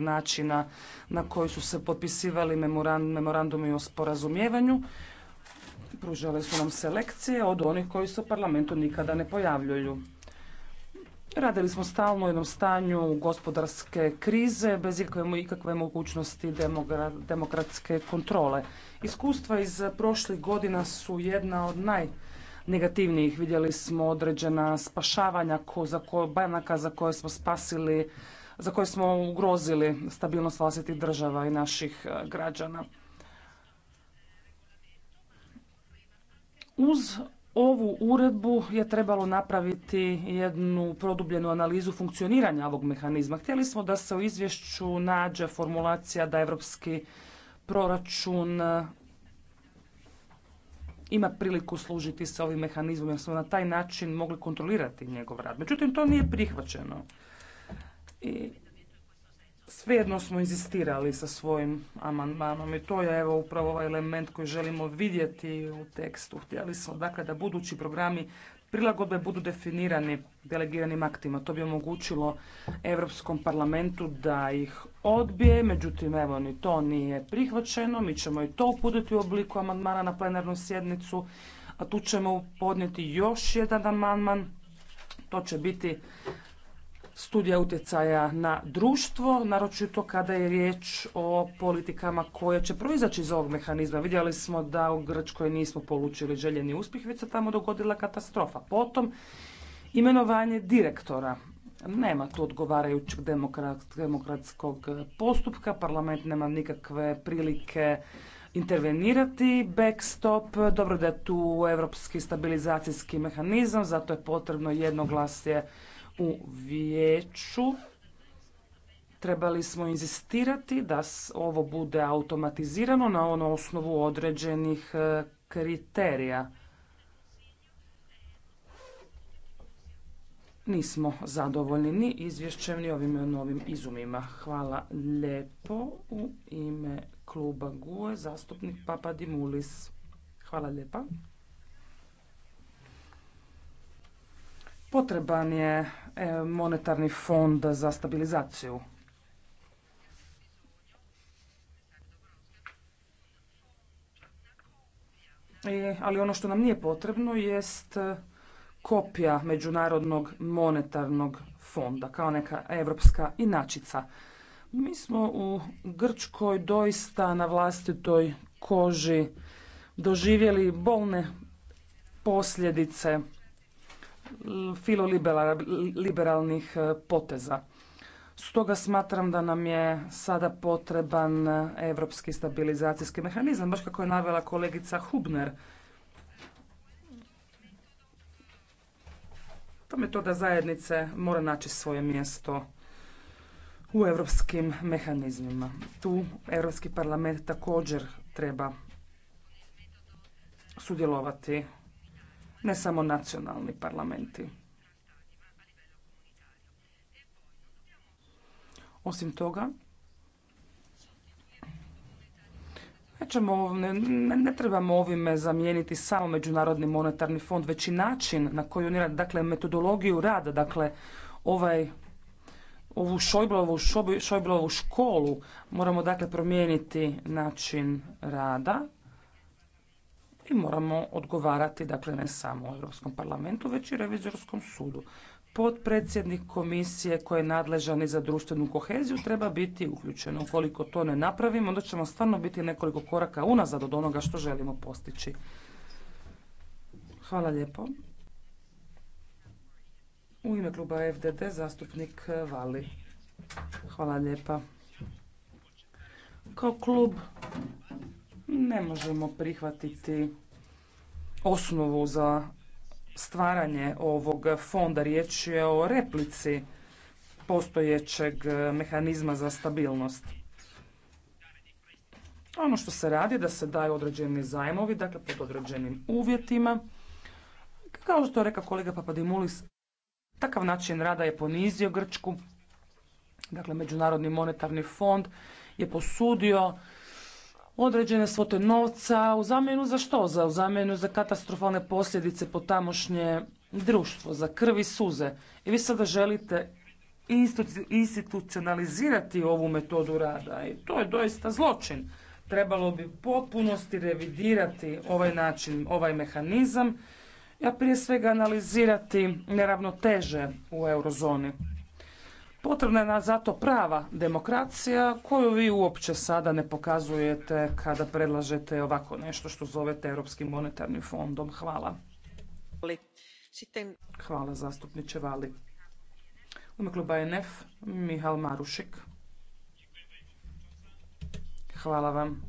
načina na koji su se potpisivali memorandumi o sporazumijevanju. Pružale su nam selekcije od onih koji se u parlamentu nikada ne pojavljuju. Radili smo stalno u jednom stanju gospodarske krize bez ikakve, ikakve mogućnosti demokratske kontrole. Iskustva iz prošlih godina su jedna od najnegativnijih. Vidjeli smo određena spašavanja ko, za banaka za koje smo spasili za koje smo ugrozili stabilnost vlastitih država i naših e, građana. Uz ovu uredbu je trebalo napraviti jednu produbljenu analizu funkcioniranja ovog mehanizma. Htjeli smo da se u izvješću nađe formulacija da europski proračun e, ima priliku služiti se ovim mehanizmom jer smo na taj način mogli kontrolirati njegov rad. Međutim, to nije prihvaćeno. I svejedno smo inzistirali sa svojim amandmanom i to je evo upravo ovaj element koji želimo vidjeti u tekstu. Htjeli smo dakle da budući programi prilagodbe budu definirani delegiranim aktima. To bi omogućilo Europskom parlamentu da ih odbije, međutim evo ni to nije prihvaćeno. Mi ćemo i to uputiti u obliku amandmana na plenarnu sjednicu, a tu ćemo podnijeti još jedan amandman. To će biti studija utjecaja na društvo, naročito kada je riječ o politikama koje će proizaći iz ovog mehanizma. Vidjeli smo da u Grčkoj nismo polučili željeni uspjeh, već se tamo dogodila katastrofa. Potom imenovanje direktora. Nema tu odgovarajućeg demokratskog postupka, parlament nema nikakve prilike intervenirati. Backstop, dobro da je tu europski stabilizacijski mehanizam, zato je potrebno jednoglasje u vijeću trebali smo inzistirati da ovo bude automatizirano na ono osnovu određenih e, kriterija. Nismo zadovoljni ni izvješćem ni ovim novim izumima. Hvala lijepo u ime kluba GUE, zastupnik Dimulis. Hvala lijepa. Potreban je e, monetarni fond za stabilizaciju. E, ali ono što nam nije potrebno jest e, kopija Međunarodnog monetarnog fonda kao neka evropska inačica. Mi smo u Grčkoj doista na vlastitoj koži doživjeli bolne posljedice filoliberalnih e, poteza. Stoga smatram da nam je sada potreban europski stabilizacijski mehanizam, baš kako je navela kolegica Hubner. To je to da zajednice mora naći svoje mjesto u europskim mehanizmima. Tu Europski parlament također treba sudjelovati ne samo nacionalni parlamenti. Osim toga, ne, trebamo ovime zamijeniti samo Međunarodni monetarni fond, već i način na koji oni dakle metodologiju rada, dakle ovaj, ovu Šojblovu, školu moramo dakle promijeniti način rada i moramo odgovarati dakle ne samo u Europskom parlamentu već i revizorskom sudu. Potpredsjednik komisije koji je nadležan i za društvenu koheziju treba biti uključen. Ukoliko to ne napravimo, onda ćemo stvarno biti nekoliko koraka unazad od onoga što želimo postići. Hvala lijepo. U ime kluba FDD zastupnik Vali. Hvala lijepa. Kao klub ne možemo prihvatiti osnovu za stvaranje ovog fonda. Riječ je o replici postojećeg mehanizma za stabilnost. Ono što se radi je da se daju određeni zajmovi, dakle pod određenim uvjetima. Kao što je rekao kolega Papadimulis, takav način rada je ponizio Grčku. Dakle, Međunarodni monetarni fond je posudio određene svote novca u zamjenu za što? Za, u zamjenu za katastrofalne posljedice po tamošnje društvo, za krvi suze. I vi sada želite institucionalizirati ovu metodu rada i to je doista zločin. Trebalo bi potpunosti revidirati ovaj način, ovaj mehanizam, a prije svega analizirati neravnoteže u eurozoni. Potrebna je nas zato prava demokracija koju vi uopće sada ne pokazujete kada predlažete ovako nešto što zovete Europskim monetarnim fondom. Hvala. Hvala zastupniče Vali. U ime kluba NF, Mihal Marušik. Hvala vam.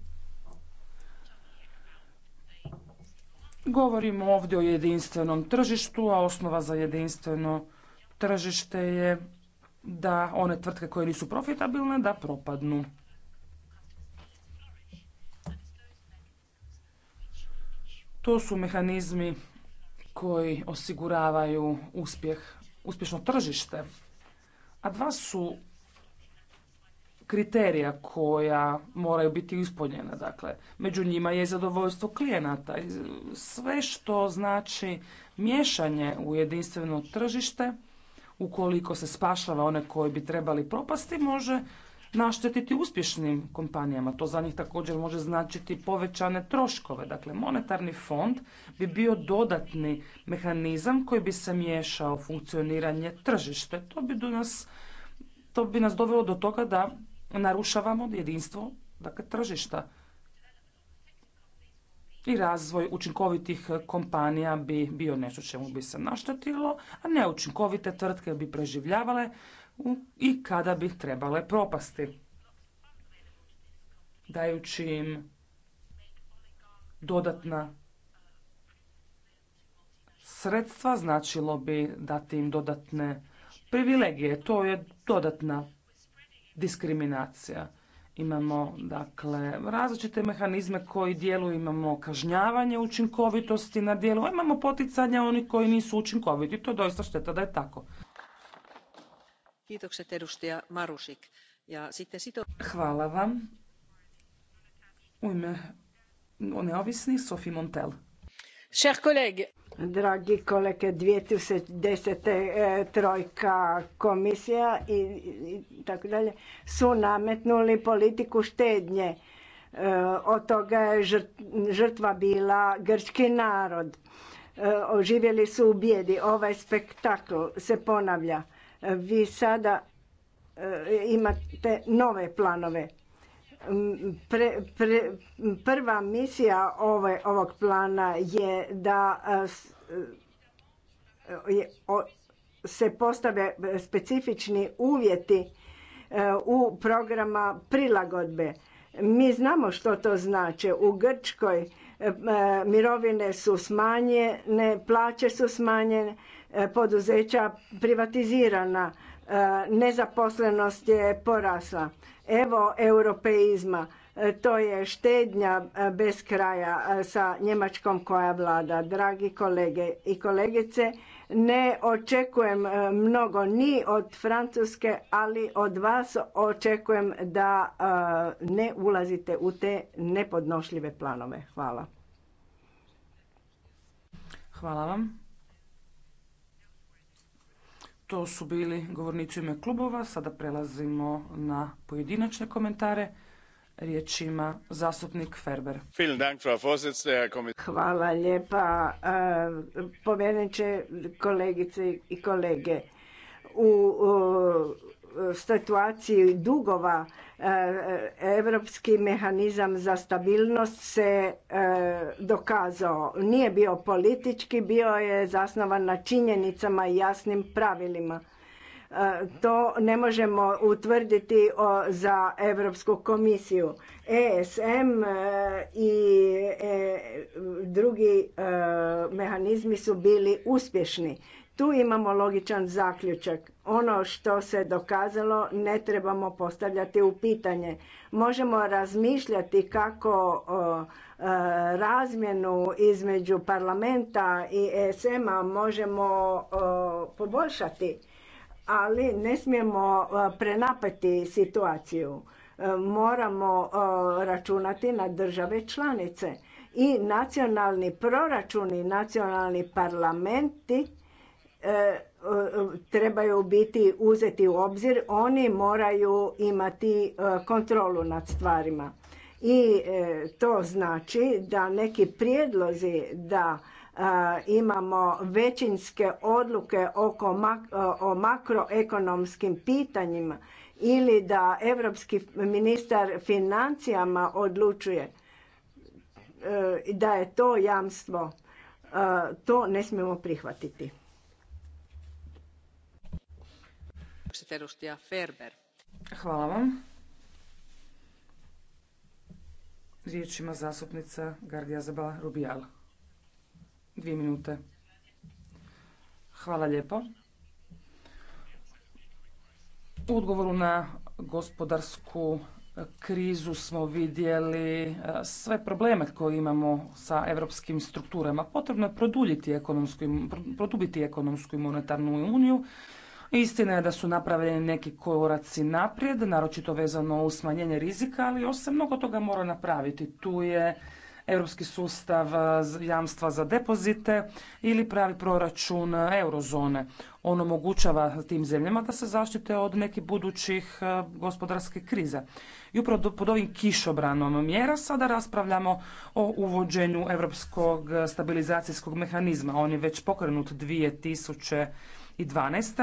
Govorimo ovdje o jedinstvenom tržištu, a osnova za jedinstveno tržište je da one tvrtke koje nisu profitabilne da propadnu. To su mehanizmi koji osiguravaju uspjeh, uspješno tržište. A dva su kriterija koja moraju biti ispunjena. Dakle, među njima je zadovoljstvo klijenata. Sve što znači miješanje u jedinstveno tržište ukoliko se spašava one koji bi trebali propasti, može naštetiti uspješnim kompanijama. To za njih također može značiti povećane troškove. Dakle, monetarni fond bi bio dodatni mehanizam koji bi se miješao funkcioniranje tržište. To bi, do nas, to bi nas dovelo do toga da narušavamo jedinstvo dakle, tržišta i razvoj učinkovitih kompanija bi bio nešto čemu bi se naštetilo, a neučinkovite tvrtke bi preživljavale i kada bi trebale propasti. Dajući im dodatna sredstva značilo bi dati im dodatne privilegije. To je dodatna diskriminacija. Imamo dakle različite mehanizme koji djeluju, imamo kažnjavanje učinkovitosti na djelu, imamo poticanja onih koji nisu učinkoviti. To je doista šteta da je tako. Hvala vam. U ime neovisni Sofi Montel. Šer collègues, Dragi kolege, 2010. E, trojka komisija i, i tako dalje su nametnuli politiku štednje. E, od toga je žrtva bila grčki narod. E, oživjeli su u bijedi. Ovaj spektakl se ponavlja. Vi sada imate nove planove prva misija ovog plana je da e, e, se postave specifični uvjeti e, u programa prilagodbe. Mi znamo što to znači. U Grčkoj mirovine su smanjene, plaće su smanjene, poduzeća privatizirana, nezaposlenost je porasla evo europeizma. E, to je štednja e, bez kraja e, sa Njemačkom koja vlada. Dragi kolege i kolegice, ne očekujem mnogo ni od Francuske, ali od vas očekujem da ne ulazite u te nepodnošljive planove. Hvala. Hvala vam. To su bili govornici u ime klubova. Sada prelazimo na pojedinačne komentare. Riječ ima zastupnik Ferber. Hvala lijepa, e, povjereniče kolegice i kolege. U situaciji dugova Europski mehanizam za stabilnost se e, dokazao. Nije bio politički, bio je zasnovan na činjenicama i jasnim pravilima. To ne možemo utvrditi za Europsku komisiju. ESM e, i e, drugi e, mehanizmi su bili uspješni. Tu imamo logičan zaključak. Ono što se dokazalo ne trebamo postavljati u pitanje. Možemo razmišljati kako razmjenu između parlamenta i ESM-a možemo poboljšati ali ne smijemo e, prenapeti situaciju. E, moramo e, računati na države članice i nacionalni proračuni, nacionalni parlamenti trebaju biti uzeti u obzir. Oni moraju imati kontrolu nad stvarima. I to znači da neki prijedlozi da imamo većinske odluke oko o makroekonomskim pitanjima ili da europski ministar financijama odlučuje e, da je to jamstvo e, to ne smijemo prihvatiti. Hvala vam. Riječ ima zastupnica Gardija Zabala Rubijala. Dvije minute. Hvala lijepo. U odgovoru na gospodarsku krizu smo vidjeli e, sve probleme koje imamo sa europskim strukturama. Potrebno je produljiti ekonomsku, produbiti ekonomsku i monetarnu uniju. Istina je da su napravljeni neki koraci naprijed, naročito vezano uz smanjenje rizika, ali još se mnogo toga mora napraviti. Tu je europski sustav eh, jamstva za depozite ili pravi proračun eh, eurozone. On omogućava tim zemljama da se zaštite od nekih budućih eh, gospodarskih kriza. I upravo pod ovim kišobranom mjera sada raspravljamo o uvođenju europskog stabilizacijskog mehanizma. On je već pokrenut 2012.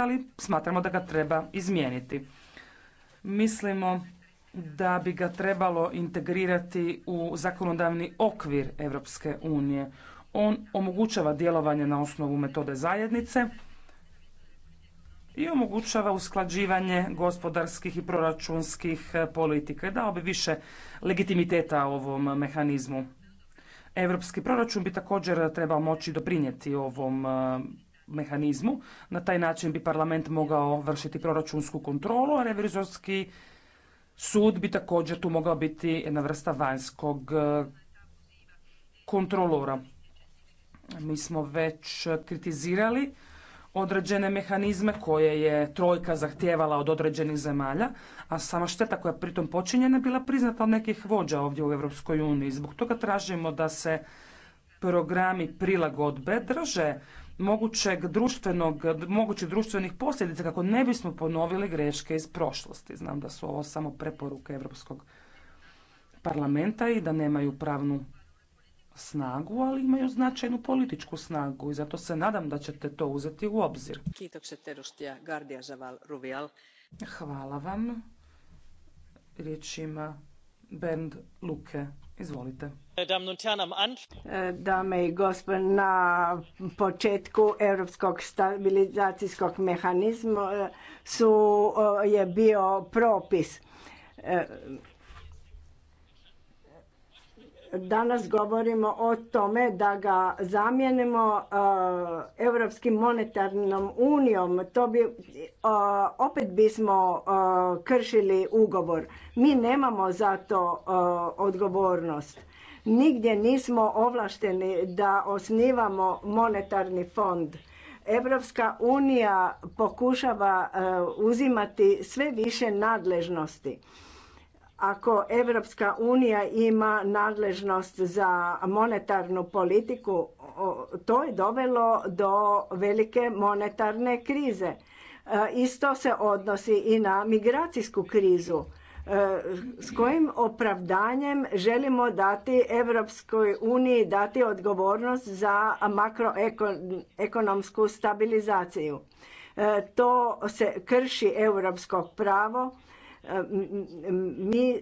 ali smatramo da ga treba izmijeniti. Mislimo da bi ga trebalo integrirati u zakonodavni okvir Europske unije. On omogućava djelovanje na osnovu metode zajednice i omogućava usklađivanje gospodarskih i proračunskih eh, politika. Dao bi više legitimiteta ovom mehanizmu. Europski proračun bi također eh, trebao moći doprinijeti ovom eh, mehanizmu. Na taj način bi parlament mogao vršiti proračunsku kontrolu, a revizorski Sud bi također tu mogao biti jedna vrsta vanjskog e, kontrolora. Mi smo već kritizirali određene mehanizme koje je trojka zahtijevala od određenih zemalja, a sama šteta koja je pritom počinjena bila priznata od nekih vođa ovdje u Europskoj uniji. Zbog toga tražimo da se programi prilagodbe drže mogućeg društvenog, mogućih društvenih posljedica kako ne bismo ponovili greške iz prošlosti. Znam da su ovo samo preporuke Europskog parlamenta i da nemaju pravnu snagu, ali imaju značajnu političku snagu i zato se nadam da ćete to uzeti u obzir. Hvala vam. Riječ ima Bernd Luke. Izvolite. E, dame i gospod, na početku Europskog stabilizacijskog mehanizma e, su, je bio propis e, Danas govorimo o tome da ga zamijenimo e, Europskim monetarnom unijom. To bi, e, opet bismo e, kršili ugovor. Mi nemamo za to odgovornost. Nigdje nismo ovlašteni da osnivamo monetarni fond. Europska unija pokušava uzimati sve više nadležnosti ako Evropska unija ima nadležnost za monetarnu politiku, to je dovelo do velike monetarne krize. E, isto se odnosi i na migracijsku krizu. E, s kojim opravdanjem želimo dati Evropskoj uniji dati odgovornost za makroekonomsku stabilizaciju? E, to se krši europsko pravo mi e,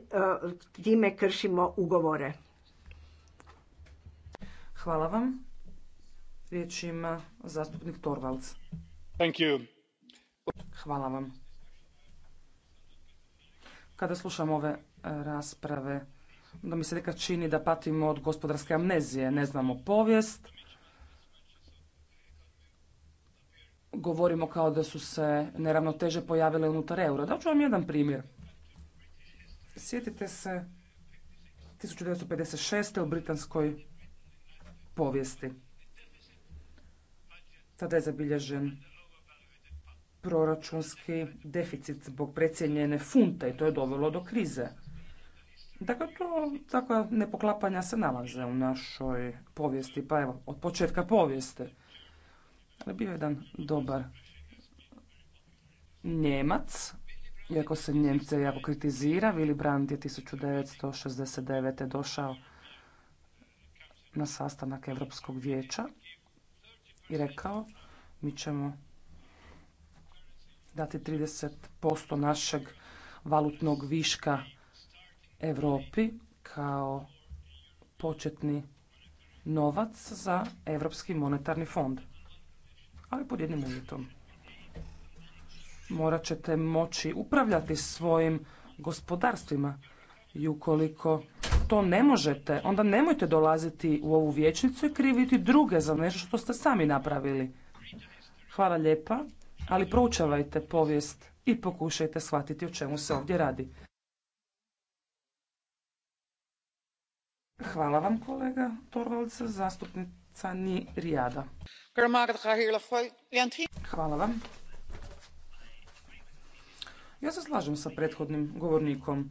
time kršimo ugovore. Hvala vam. Riječ ima zastupnik Torvalds. Thank you. Hvala vam. Kada slušam ove e, rasprave, da mi se nekad čini da patimo od gospodarske amnezije. Ne znamo povijest, govorimo kao da su se neravnoteže pojavile unutar eura. Daću vam jedan primjer. Sjetite se 1956. u britanskoj povijesti. Tada je zabilježen proračunski deficit zbog precijenjene funte i to je dovelo do krize. Dakle, to, takva nepoklapanja se nalaze u našoj povijesti, pa evo, od početka povijesti. Ali bio je jedan dobar Njemac iako se Njemce jako kritizira, Willy Brandt je 1969. došao na sastanak Europskog vijeća i rekao mi ćemo dati 30% našeg valutnog viška Europi kao početni novac za Europski monetarni fond, ali pod jednim uvjetom morat ćete moći upravljati svojim gospodarstvima i ukoliko to ne možete, onda nemojte dolaziti u ovu vijećnicu i kriviti druge za nešto što ste sami napravili. Hvala lijepa, ali proučavajte povijest i pokušajte shvatiti o čemu se ovdje radi. Hvala vam kolega Torvalds, zastupnica Ni Rijada. Hvala vam. Ja se slažem sa prethodnim govornikom.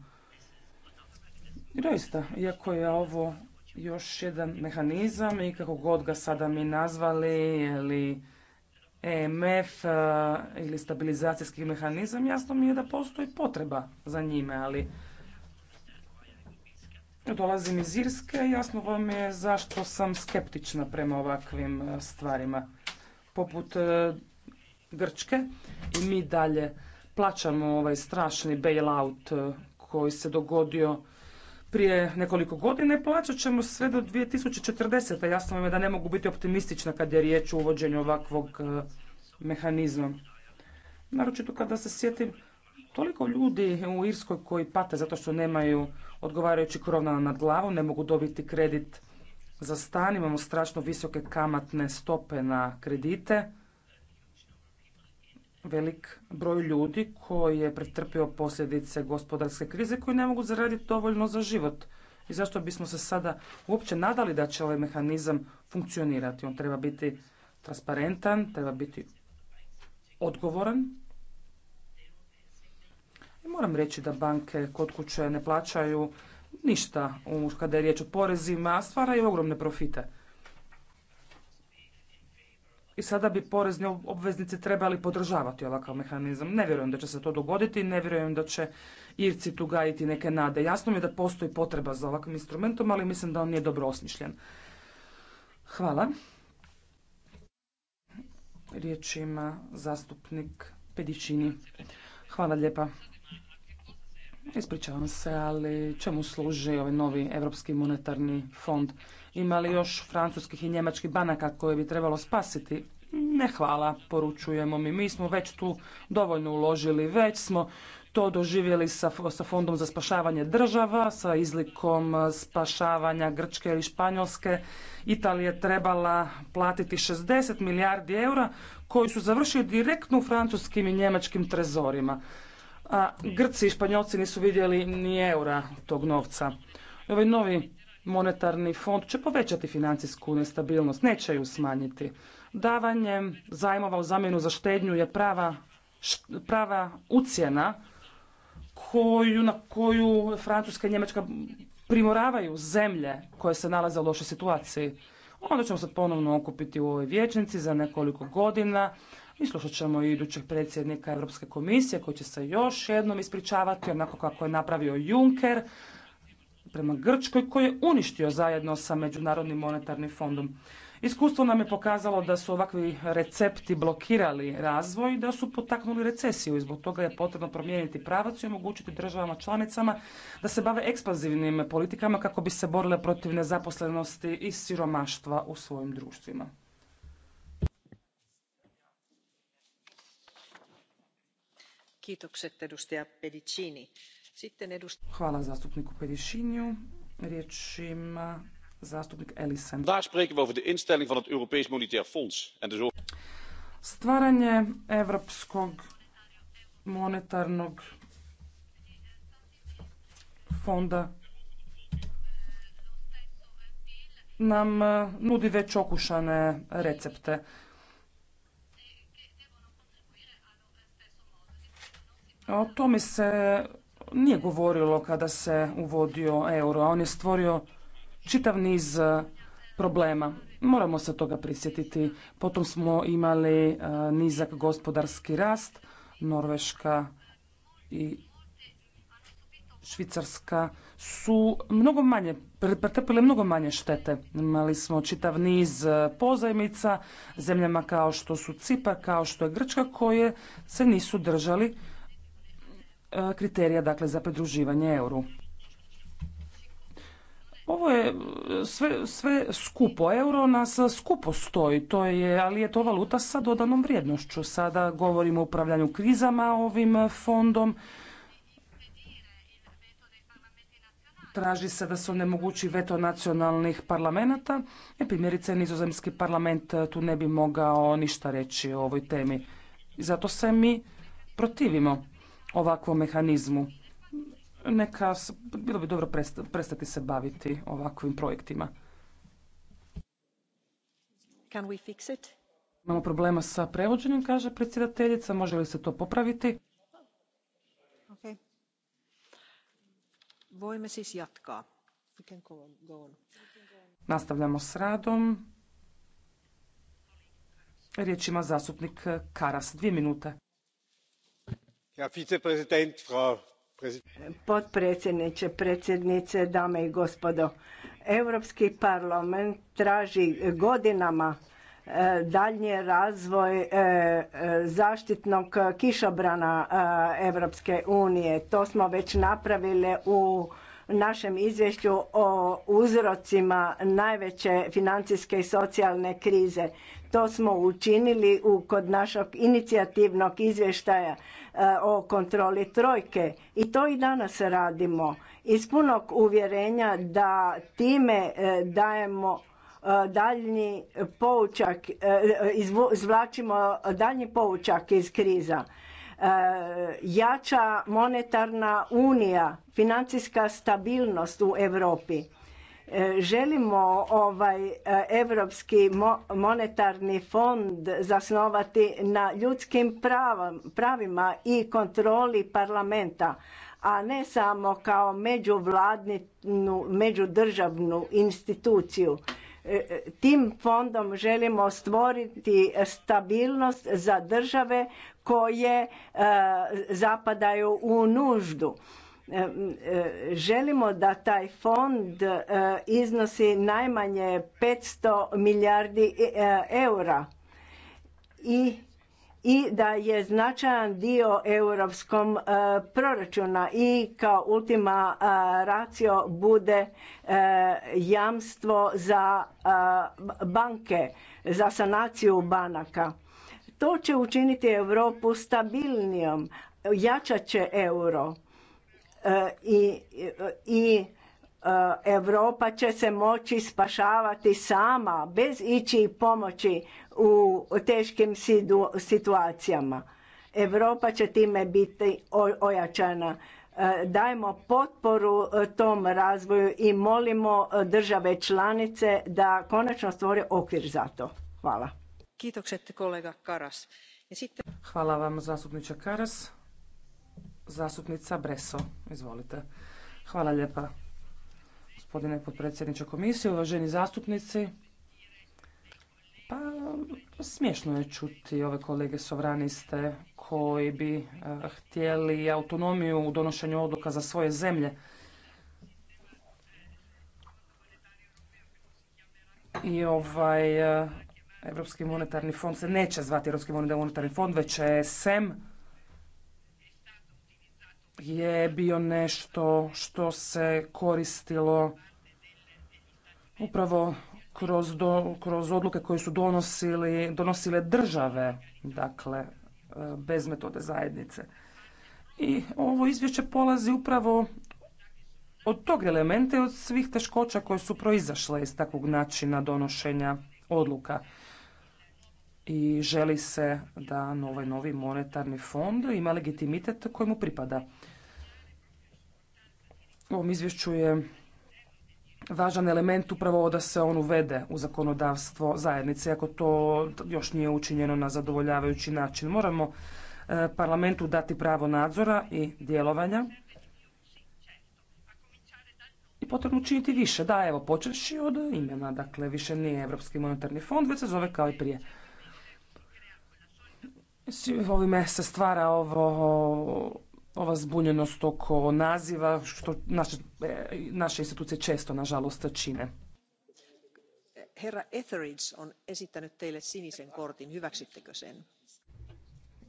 I doista, iako je ovo još jedan mehanizam i kako god ga sada mi nazvali ili EMF e, ili stabilizacijski mehanizam, jasno mi je da postoji potreba za njime, ali dolazim iz Irske i jasno vam je zašto sam skeptična prema ovakvim e, stvarima. Poput e, Grčke i mi dalje plaćamo ovaj strašni bailout eh, koji se dogodio prije nekoliko i plaćat ćemo sve do 2040. Jasno mi je da ne mogu biti optimistična kad je riječ o uvođenju ovakvog eh, mehanizma. Naročito kada se sjetim toliko ljudi u Irskoj koji pate zato što nemaju odgovarajući krov nad glavom, ne mogu dobiti kredit za stan, imamo strašno visoke kamatne stope na kredite velik broj ljudi koji je pretrpio posljedice gospodarske krize koji ne mogu zaraditi dovoljno za život. I zašto bismo se sada uopće nadali da će ovaj mehanizam funkcionirati? On treba biti transparentan, treba biti odgovoran. I moram reći da banke kod kuće ne plaćaju ništa kada je riječ o porezima, a stvaraju ogromne profite i sada bi porezni obveznici trebali podržavati ovakav mehanizam. Ne vjerujem da će se to dogoditi, ne vjerujem da će Irci tu gajiti neke nade. Jasno mi je da postoji potreba za ovakvim instrumentom, ali mislim da on nije dobro osmišljen. Hvala. Riječ ima zastupnik Pedićini. Hvala lijepa. Ispričavam se, ali čemu služi ovaj novi Europski monetarni fond? Ima li još francuskih i njemačkih banaka koje bi trebalo spasiti? Ne hvala, poručujemo mi. Mi smo već tu dovoljno uložili, već smo to doživjeli sa, sa fondom za spašavanje država, sa izlikom eh, spašavanja Grčke ili Španjolske. Italija je trebala platiti 60 milijardi eura koji su završili direktno u francuskim i njemačkim trezorima a Grci i Španjolci nisu vidjeli ni eura tog novca. Ovaj novi monetarni fond će povećati financijsku nestabilnost, neće ju smanjiti. Davanjem zajmova u zamjenu za štednju je prava, prava ucjena koju, na koju Francuska i Njemačka primoravaju zemlje koje se nalaze u lošoj situaciji. Onda ćemo se ponovno okupiti u ovoj vječnici za nekoliko godina i slušat ćemo i idućeg predsjednika Europske komisije koji će se još jednom ispričavati onako kako je napravio Juncker prema Grčkoj koji je uništio zajedno sa Međunarodnim monetarnim fondom. Iskustvo nam je pokazalo da su ovakvi recepti blokirali razvoj i da su potaknuli recesiju i zbog toga je potrebno promijeniti pravac i omogućiti državama članicama da se bave ekspanzivnim politikama kako bi se borile protiv nezaposlenosti i siromaštva u svojim društvima. Hvala zastupniku Pediciniju. Riječ ima zastupnik Elisen. Daar spreken we over de instelling van het Europees Monetair Fonds en de Stvaranje evropskog monetarnog fonda nam eh, nudi već okušane recepte. O tome se nije govorilo kada se uvodio euro, a on je stvorio čitav niz e, problema. Moramo se toga prisjetiti. Potom smo imali e, nizak gospodarski rast, Norveška i Švicarska su mnogo manje, pretrpile mnogo manje štete. Imali smo čitav niz e, pozajmica zemljama kao što su Cipa, kao što je Grčka koje se nisu držali kriterija dakle, za pridruživanje euru. Ovo je sve, sve skupo. Euro nas skupo stoji, to je, ali je to valuta sa dodanom vrijednošću. Sada govorimo o upravljanju krizama ovim fondom. Traži se da se onemogući veto nacionalnih parlamenta. E, primjerice, nizozemski parlament tu ne bi mogao ništa reći o ovoj temi. I zato se mi protivimo ovakvom mehanizmu. Neka, bilo bi dobro prestati se baviti ovakvim projektima. Can we fix it? Imamo problema sa prevođenjem, kaže predsjedateljica. Može li se to popraviti? siis Nastavljamo s radom. Riječ ima zastupnik Karas. Dvije minute. Potpredsjedniče, predsjednice, dame i gospodo. Europski parlament traži godinama e, daljnji razvoj e, e, zaštitnog kišobrana Europske unije. To smo već napravili u našem izvješću o uzrocima najveće financijske i socijalne krize. To smo učinili kod našeg inicijativnog izvještaja E, o kontroli trojke i to i danas radimo iz punog uvjerenja da time e, dajemo e, daljnji poučak, izvlačimo daljnji poučak iz kriza. Jača monetarna unija, financijska stabilnost u Europi E, želimo ovaj Europski monetarni fond zasnovati na ljudskim pravima i kontroli parlamenta, a ne samo kao međuvladnu, međudržavnu instituciju. E, e, tim fondom želimo stvoriti stabilnost za države koje zapadaju u nuždu E, želimo da taj fond e, iznosi najmanje 500 milijardi e, eura i da je značajan dio europskom proračuna i kao ultima racio bude jamstvo za banke, za sanaciju banaka. To će učiniti Europu stabilnijom, jačat će euro i, i Europa će se moći spašavati sama bez ići i pomoći u teškim situacijama. Europa će time biti ojačana. E, Dajmo potporu e, tom razvoju i molimo e, države članice da konačno stvore okvir za to. Hvala. Hvala vam zastupniče Karas. Zastupnica Breso, izvolite. Hvala lijepa gospodine potpredsjedniče komisije, uvaženi zastupnici. Pa smiješno je čuti ove kolege sovraniste koji bi eh, htjeli autonomiju u donošenju odluka za svoje zemlje. I ovaj Europski eh, monetarni fond se neće zvati Europski monetarni fond, već je SEM je bio nešto što se koristilo upravo kroz, do, kroz odluke koje su donosili, donosile države, dakle e, bez metode zajednice. I ovo izvješće polazi upravo od tog elementa i od svih teškoća koje su proizašle iz takvog načina donošenja odluka i želi se da ovaj novi monetarni fond ima legitimitet kojemu pripada. U ovom izvješću je važan element upravo da se on uvede u zakonodavstvo zajednice, ako to još nije učinjeno na zadovoljavajući način. Moramo e, parlamentu dati pravo nadzora i djelovanja i potrebno učiniti više. Da, evo, počeši od imena, dakle, više nije Europski monetarni fond, već se zove kao i prije. Ovime se stvara ovo, ova zbunjenost oko naziva, što naše, e, naše institucije često, nažalost, čine. Etheridge on esittänyt teille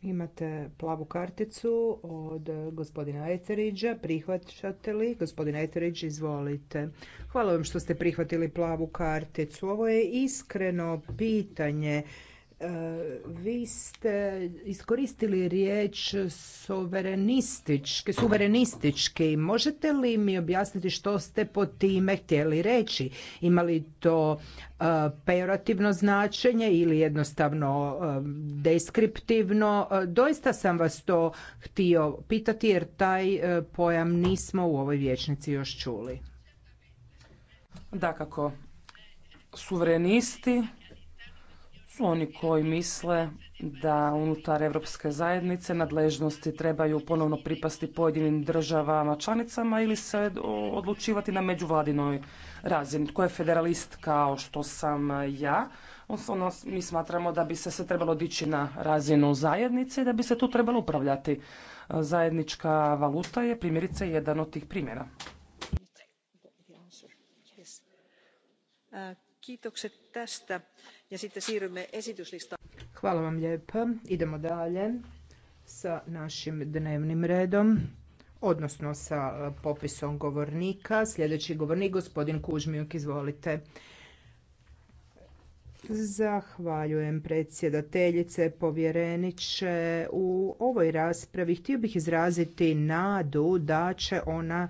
Imate plavu karticu od gospodina Etheridgea. Prihvaćate li? Gospodina Etheridge, izvolite. Hvala vam što ste prihvatili plavu karticu. Ovo je iskreno pitanje E, vi ste iskoristili riječ suverenistički, suverenistički. Možete li mi objasniti što ste po time htjeli reći? Ima li to e, pejorativno značenje ili jednostavno e, deskriptivno? Doista sam vas to htio pitati jer taj pojam nismo u ovoj vječnici još čuli. Dakako, suverenisti oni koji misle da unutar europske zajednice nadležnosti trebaju ponovno pripasti pojedinim državama članicama ili se odlučivati na međuvladinoj razini. Tko je federalist kao što sam ja, osobno mi smatramo da bi se sve trebalo dići na razinu zajednice i da bi se tu trebalo upravljati. Zajednička valuta je primjerice jedan od tih primjera. Uh, Hvala vam lijepa. Idemo dalje sa našim dnevnim redom, odnosno sa e, popisom govornika. Sljedeći govornik, gospodin Kužmijuk, izvolite. Zahvaljujem predsjedateljice, povjereniče. U ovoj raspravi htio bih izraziti nadu da će ona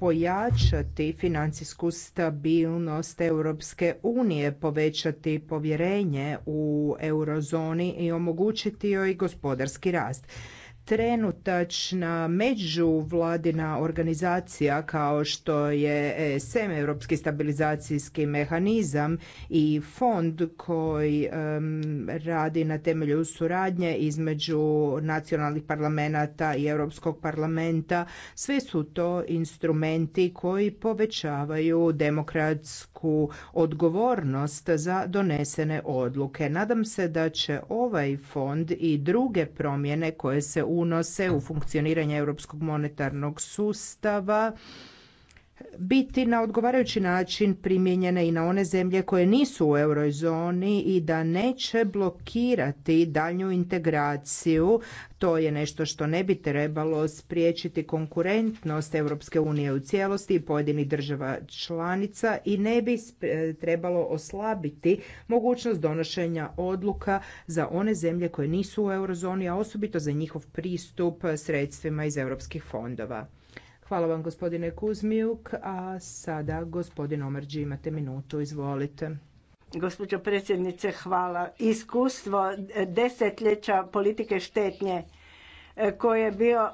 pojačati financijsku stabilnost Europske unije, povećati povjerenje u eurozoni i omogućiti joj gospodarski rast trenutačna međuvladina organizacija kao što je e SEM, Europski stabilizacijski mehanizam i fond koji radi na temelju suradnje između nacionalnih parlamenta i Europskog parlamenta, sve su to instrumenti koji povećavaju demokratsku odgovornost za donesene odluke. Nadam se da će ovaj fond i druge promjene koje se unose u funkcioniranje europskog monetarnog sustava biti na odgovarajući način primijenjene i na one zemlje koje nisu u eurozoni i da neće blokirati daljnju integraciju. To je nešto što ne bi trebalo spriječiti konkurentnost Europske unije u cijelosti i pojedinih država članica i ne bi e, trebalo oslabiti mogućnost donošenja odluka za one zemlje koje nisu u eurozoni, a osobito za njihov pristup sredstvima iz europskih fondova. Hvala vam gospodine Kuzmijuk, a sada gospodin Omerđi imate minutu, izvolite. Gospođo predsjednice, hvala. Iskustvo desetljeća politike štetnje e, koje je e,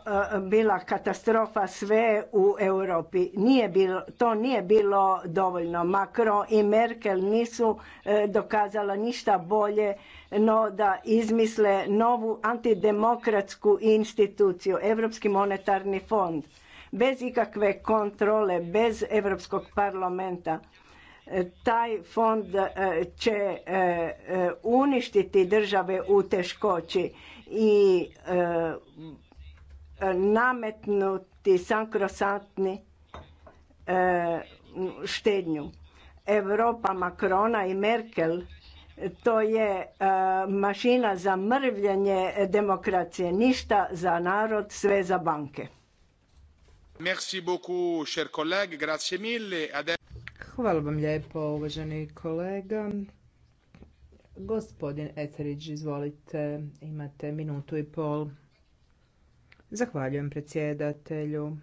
bila katastrofa sve u Europi. Nije bilo, to nije bilo dovoljno. Macron i Merkel nisu e, dokazala ništa bolje no da izmisle novu antidemokratsku instituciju, Europski monetarni fond bez ikakve kontrole, bez Europskog parlamenta. E, taj fond e, će e, uništiti države u teškoći i nametnuti sankrosantni štednju. Evropa, Makrona i Merkel to je mašina za mrvljenje demokracije. Ništa za narod, sve za banke. Hvala vam lijepo, uvaženi kolega. Gospodin Etheridge, izvolite, imate minutu i pol. Zahvaljujem predsjedatelju.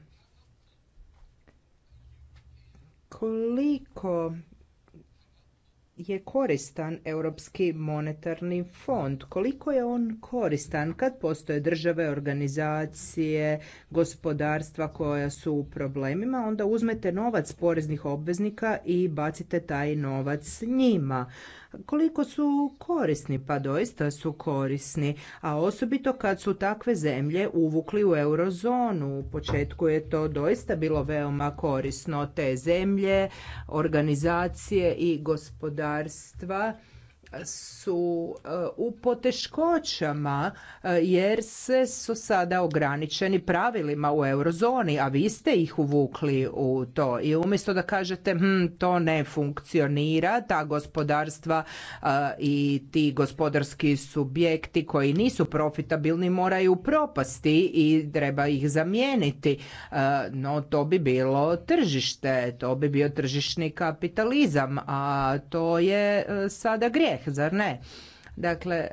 Koliko je koristan Europski monetarni fond? Koliko je on koristan kad postoje države, organizacije, gospodarstva koja su u problemima, onda uzmete novac poreznih obveznika i bacite taj novac njima koliko su korisni, pa doista su korisni, a osobito kad su takve zemlje uvukli u eurozonu. U početku je to doista bilo veoma korisno. Te zemlje, organizacije i gospodarstva su e, u poteškoćama e, jer se su sada ograničeni pravilima u eurozoni, a vi ste ih uvukli u to. I umjesto da kažete hm, to ne funkcionira, ta gospodarstva e, i ti gospodarski subjekti koji nisu profitabilni moraju propasti i treba ih zamijeniti. No to bi bilo tržište, to bi bio tržišni kapitalizam, a to je sada grijeh zar ne? Dakle, e,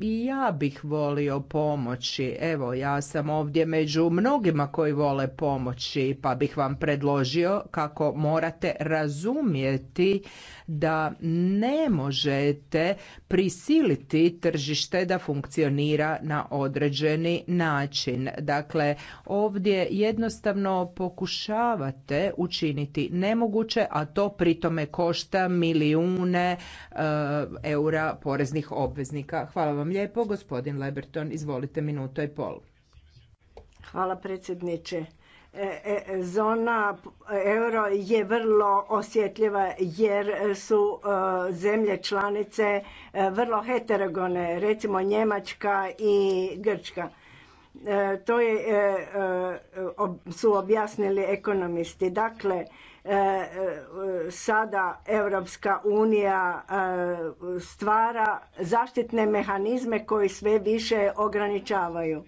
i ja bih volio pomoći. Evo, ja sam ovdje među mnogima koji vole pomoći, pa bih vam predložio kako morate razumjeti da ne možete prisiliti tržište da funkcionira na određeni način. Dakle, ovdje jednostavno pokušavate učiniti nemoguće, a to pritome košta milijune e, eura poreznih obveznika. Hvala vam lijepo. Gospodin Leberton, izvolite minuto i pol. Hvala predsjedniče. E, e, zona e, euro je vrlo osjetljiva jer su zemlje članice vrlo heterogone, recimo Njemačka i Grčka. To je, su objasnili ekonomisti. Dakle, E, e, sada Europska unija e, stvara zaštitne mehanizme koji sve više ograničavaju.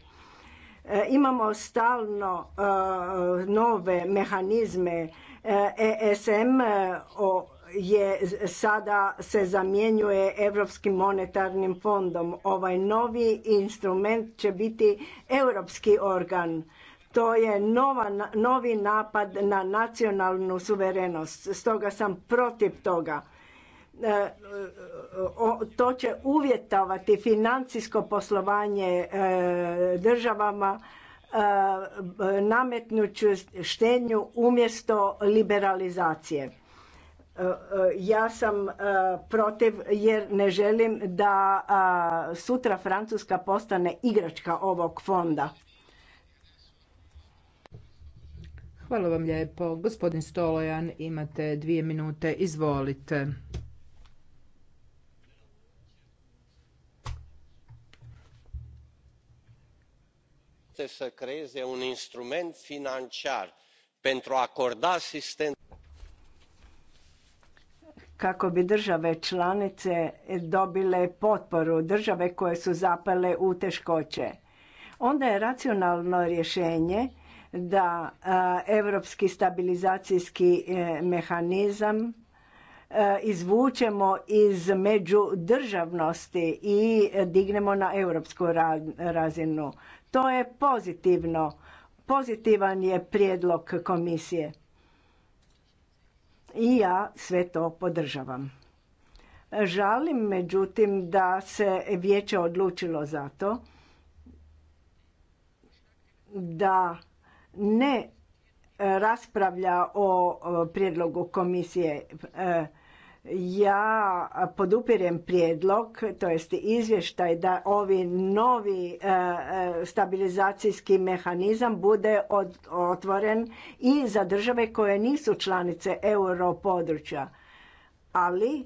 Imamo stalno nove mehanizme. ESM je sada se zamjenjuje Europskim monetarnim fondom. Ovaj novi instrument će biti europski organ to je nova, novi napad na nacionalnu suverenost. Stoga sam protiv toga. E, to će uvjetovati financijsko poslovanje e, državama e, nametnuću štenju umjesto liberalizacije. E, ja sam protiv jer ne želim da sutra Francuska postane igračka ovog fonda. Hvala vam lijepo. Gospodin Stolojan, imate dvije minute. Izvolite. instrument financiar kako bi države članice dobile potporu države koje su zapale u teškoće onda je racionalno rješenje da europski stabilizacijski e, mehanizam e, izvučemo iz međudržavnosti i dignemo na europsku razinu. To je pozitivno. Pozitivan je prijedlog komisije. I ja sve to podržavam. Žalim međutim da se vijeće odlučilo za to da ne e, raspravlja o prijedlogu komisije. E, ja podupirem prijedlog, to jest izvještaj da ovi novi e, stabilizacijski mehanizam bude otvoren i za države koje nisu članice europodručja, ali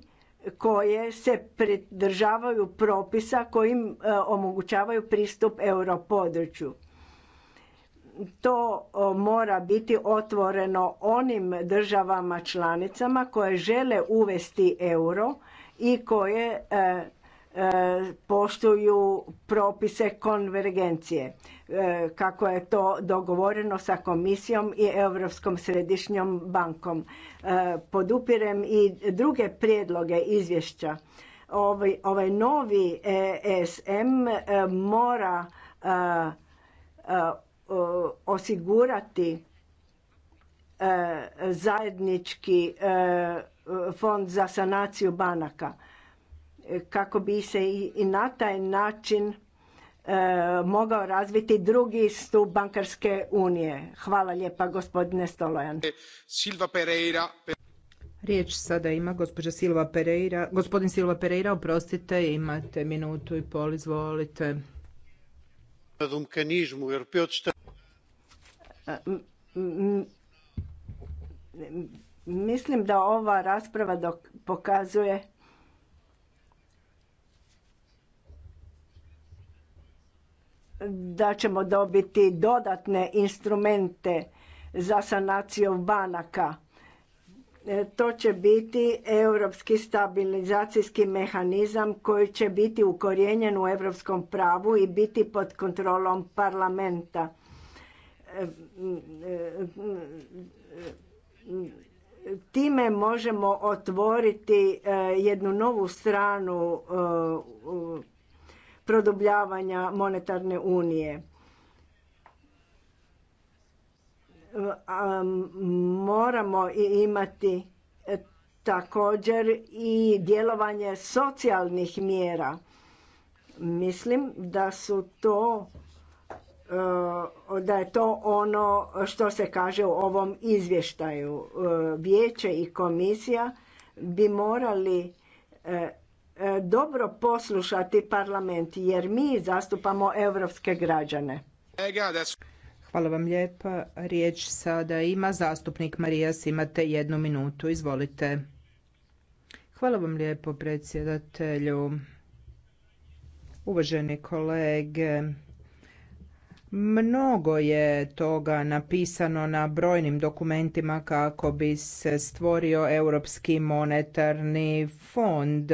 koje se pridržavaju propisa kojim omogućavaju pristup europodručju to mora biti otvoreno onim državama članicama koje žele uvesti euro i koje e, e, poštuju propise konvergencije e, kako je to dogovoreno sa komisijom i Europskom središnjom bankom. Podupirem i druge prijedloge izvješća. Ovaj, ovaj novi ESM mora osigurati e, zajednički e, fond za sanaciju banaka kako bi se i na taj način e, mogao razviti drugi stup bankarske unije. Hvala lijepa gospodine Stolojan. Pereira. Riječ sada ima gospođa Silva Pereira. Gospodin Silva Pereira, oprostite, imate minutu i pol, izvolite. Mislim da ova rasprava pokazuje da ćemo dobiti dodatne instrumente za sanaciju banaka. E, to će biti europski stabilizacijski mehanizam koji će biti ukorijenjen u europskom pravu i biti pod kontrolom parlamenta time možemo otvoriti e, jednu novu stranu e, produbljavanja monetarne unije. Moramo imati također i djelovanje socijalnih mjera. Mislim da su to E, da je to ono što se kaže u ovom izvještaju. E, vijeće i komisija bi morali e, dobro poslušati parlament jer mi zastupamo europske građane. Hvala vam lijepa. Riječ sada ima zastupnik Marijas. Imate jednu minutu. Izvolite. Hvala vam lijepo predsjedatelju. Uvaženi kolege, Mnogo je toga napisano na brojnim dokumentima kako bi se stvorio Europski monetarni fond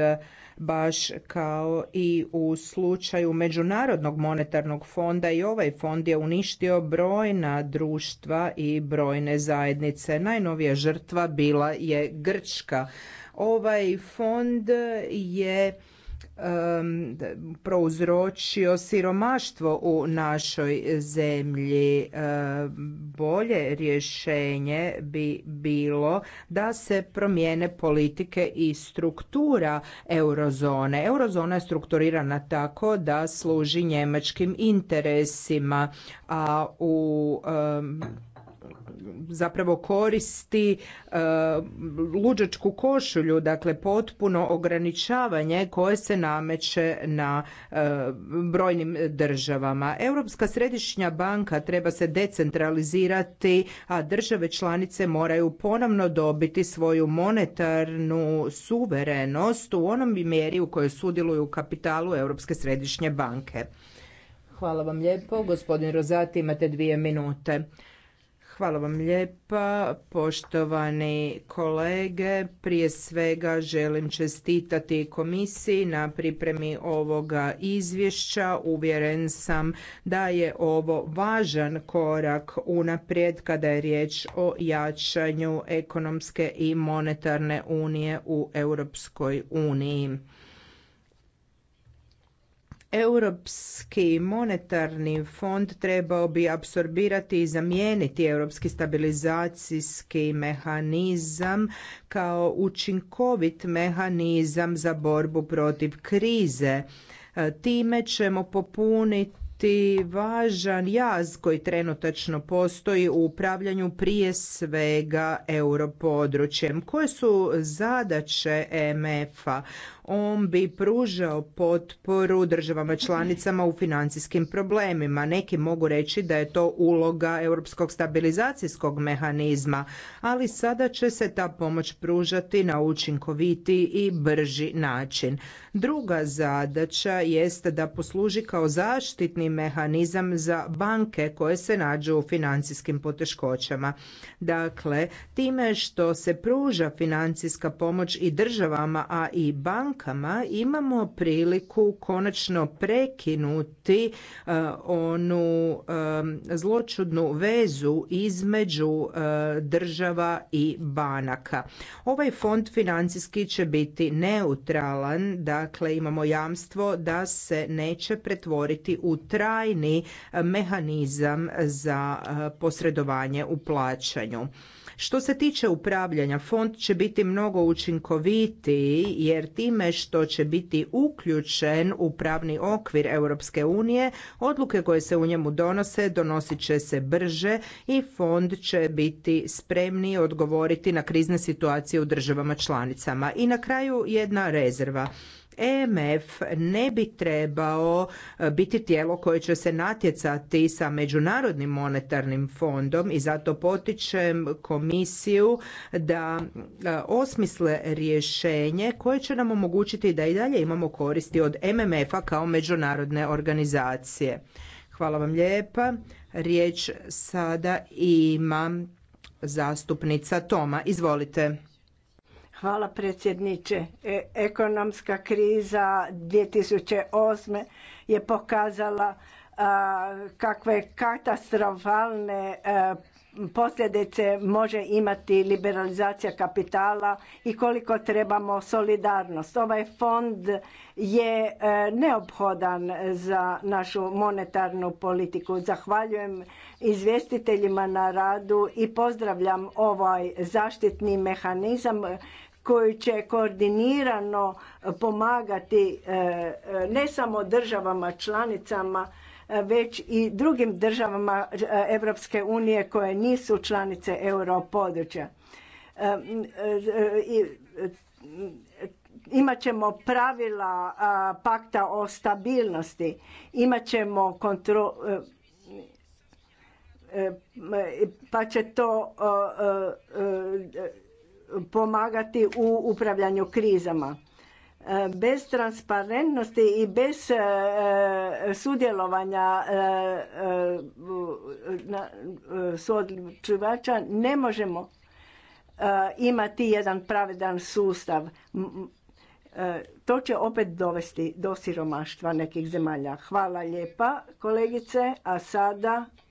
baš kao i u slučaju Međunarodnog monetarnog fonda i ovaj fond je uništio brojna društva i brojne zajednice. Najnovija žrtva bila je Grčka. Ovaj fond je prouzročio siromaštvo u našoj zemlji. Bolje rješenje bi bilo da se promijene politike i struktura eurozone. Eurozona je strukturirana tako da služi njemačkim interesima, a u zapravo koristi e, luđačku košulju, dakle potpuno ograničavanje koje se nameće na e, brojnim državama. Europska središnja banka treba se decentralizirati, a države članice moraju ponovno dobiti svoju monetarnu suverenost u onom mjeri u kojoj sudjeluju u kapitalu Europske središnje banke. Hvala vam lijepo. Gospodin Rozati, imate dvije minute. Hvala vam lijepa, poštovani kolege. Prije svega želim čestitati komisiji na pripremi ovoga izvješća. Uvjeren sam da je ovo važan korak unaprijed kada je riječ o jačanju ekonomske i monetarne unije u Europskoj uniji. Europski monetarni fond trebao bi apsorbirati i zamijeniti europski stabilizacijski mehanizam kao učinkovit mehanizam za borbu protiv krize. E, time ćemo popuniti važan jaz koji trenutačno postoji u upravljanju prije svega europodručjem. Koje su zadaće MF-a? on bi pružao potporu državama članicama u financijskim problemima. Neki mogu reći da je to uloga europskog stabilizacijskog mehanizma, ali sada će se ta pomoć pružati na učinkoviti i brži način. Druga zadaća jest da posluži kao zaštitni mehanizam za banke koje se nađu u financijskim poteškoćama. Dakle, time što se pruža financijska pomoć i državama, a i bankama, bankama imamo priliku konačno prekinuti e, onu e, zločudnu vezu između e, država i banaka. Ovaj fond financijski će biti neutralan, dakle imamo jamstvo da se neće pretvoriti u trajni mehanizam za posredovanje u plaćanju. Što se tiče upravljanja, fond će biti mnogo učinkovitiji jer time što će biti uključen u pravni okvir Europske unije, odluke koje se u njemu donose donosit će se brže i fond će biti spremniji odgovoriti na krizne situacije u državama članicama. I na kraju jedna rezerva. EMF ne bi trebao e, biti tijelo koje će se natjecati sa Međunarodnim monetarnim fondom i zato potičem komisiju da e, osmisle rješenje koje će nam omogućiti da i dalje imamo koristi od MMF-a kao međunarodne organizacije. Hvala vam lijepa. Riječ sada ima zastupnica Toma. Izvolite. Hvala predsjedniče. E, ekonomska kriza 2008. je pokazala kakve katastrofalne posljedice može imati liberalizacija kapitala i koliko trebamo solidarnost. Ovaj fond je e, neophodan za našu monetarnu politiku. Zahvaljujem izvjestiteljima na radu i pozdravljam ovaj zaštitni mehanizam koji će koordinirano pomagati e, e, ne samo državama članicama e, već i drugim državama Europske unije koje nisu članice europodručja. Imat ćemo pravila pakta o stabilnosti, imat ćemo pa će to pomagati u upravljanju krizama. E, bez transparentnosti i bez e, sudjelovanja e, suodlučivača ne možemo imati jedan pravedan sustav. To će opet dovesti do siromaštva nekih zemalja. Hvala lijepa kolegice, a sada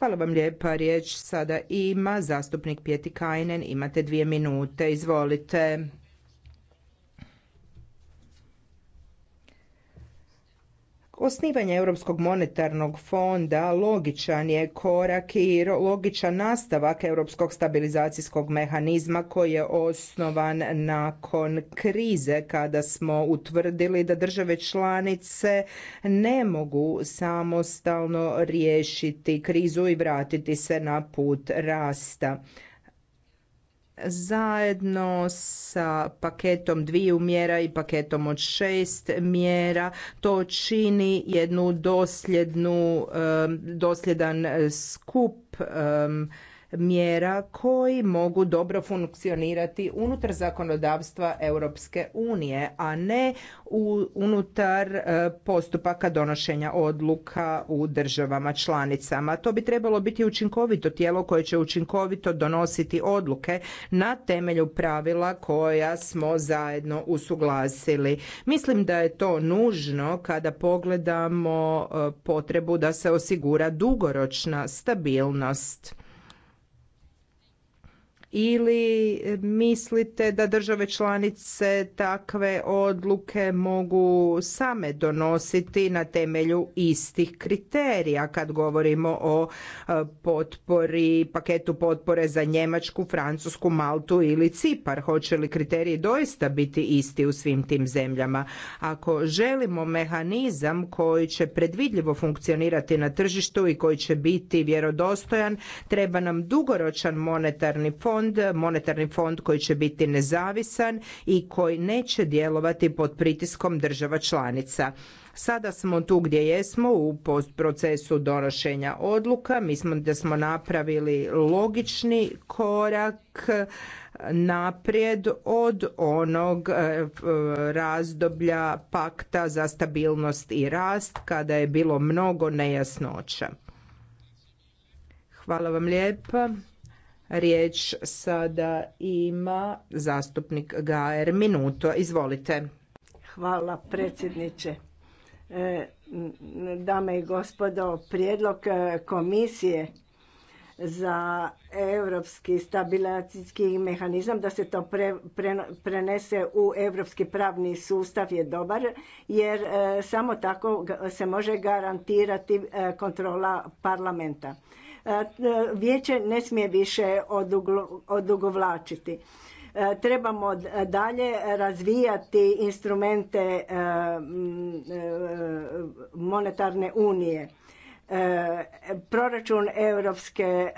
Hvala vam lijepa. Riječ sada ima zastupnik Pjeti Kajnen. Imate dvije minute. Izvolite. Osnivanje Europskog monetarnog fonda logičan je korak i logičan nastavak Europskog stabilizacijskog mehanizma koji je osnovan nakon krize kada smo utvrdili da države članice ne mogu samostalno riješiti krizu i vratiti se na put rasta zajedno sa paketom dviju mjera i paketom od šest mjera to čini jednu dosljednu dosljedan skup mjera koji mogu dobro funkcionirati unutar zakonodavstva Europske unije, a ne unutar e, postupaka donošenja odluka u državama članicama. To bi trebalo biti učinkovito tijelo koje će učinkovito donositi odluke na temelju pravila koja smo zajedno usuglasili. Mislim da je to nužno kada pogledamo e, potrebu da se osigura dugoročna stabilnost ili mislite da države članice takve odluke mogu same donositi na temelju istih kriterija kad govorimo o e, potpori, paketu potpore za Njemačku, Francusku, Maltu ili Cipar. Hoće li kriteriji doista biti isti u svim tim zemljama? Ako želimo mehanizam koji će predvidljivo funkcionirati na tržištu i koji će biti vjerodostojan, treba nam dugoročan monetarni fond fond, monetarni fond koji će biti nezavisan i koji neće djelovati pod pritiskom država članica. Sada smo tu gdje jesmo u procesu donošenja odluka. Mislim da smo napravili logični korak naprijed od onog e, razdoblja pakta za stabilnost i rast kada je bilo mnogo nejasnoća. Hvala vam lijepa. Riječ sada ima zastupnik Gajer. Minuto, izvolite. Hvala predsjedniče. E, dame i gospodo, prijedlog e, komisije za europski stabilizacijski mehanizam da se to prenese u europski pravni sustav je dobar jer e, samo tako se može garantirati kontrola parlamenta E, vijeće ne smije više odugovlačiti. E, trebamo dalje razvijati instrumente e, monetarne unije. Proračun europske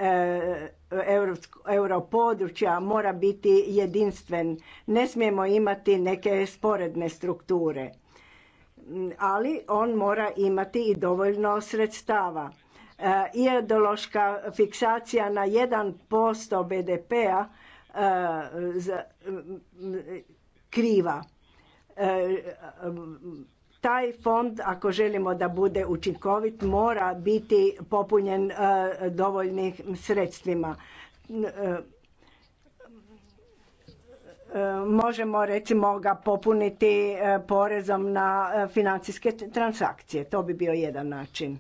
europodručja mora biti jedinstven. Ne smijemo imati neke sporedne strukture ali on mora imati i dovoljno sredstava. Eh, ideološka fiksacija na 1% BDP-a eh, mm, kriva. Eh, taj fond, ako želimo da bude učinkovit, mora biti popunjen dovoljnim sredstvima. Možemo recimo ga popuniti porezom na financijske transakcije. To bi bio jedan način.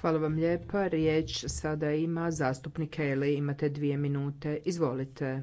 Hvala vam lijepa. Riječ sada ima zastupnik Eli. Imate dvije minute. Izvolite.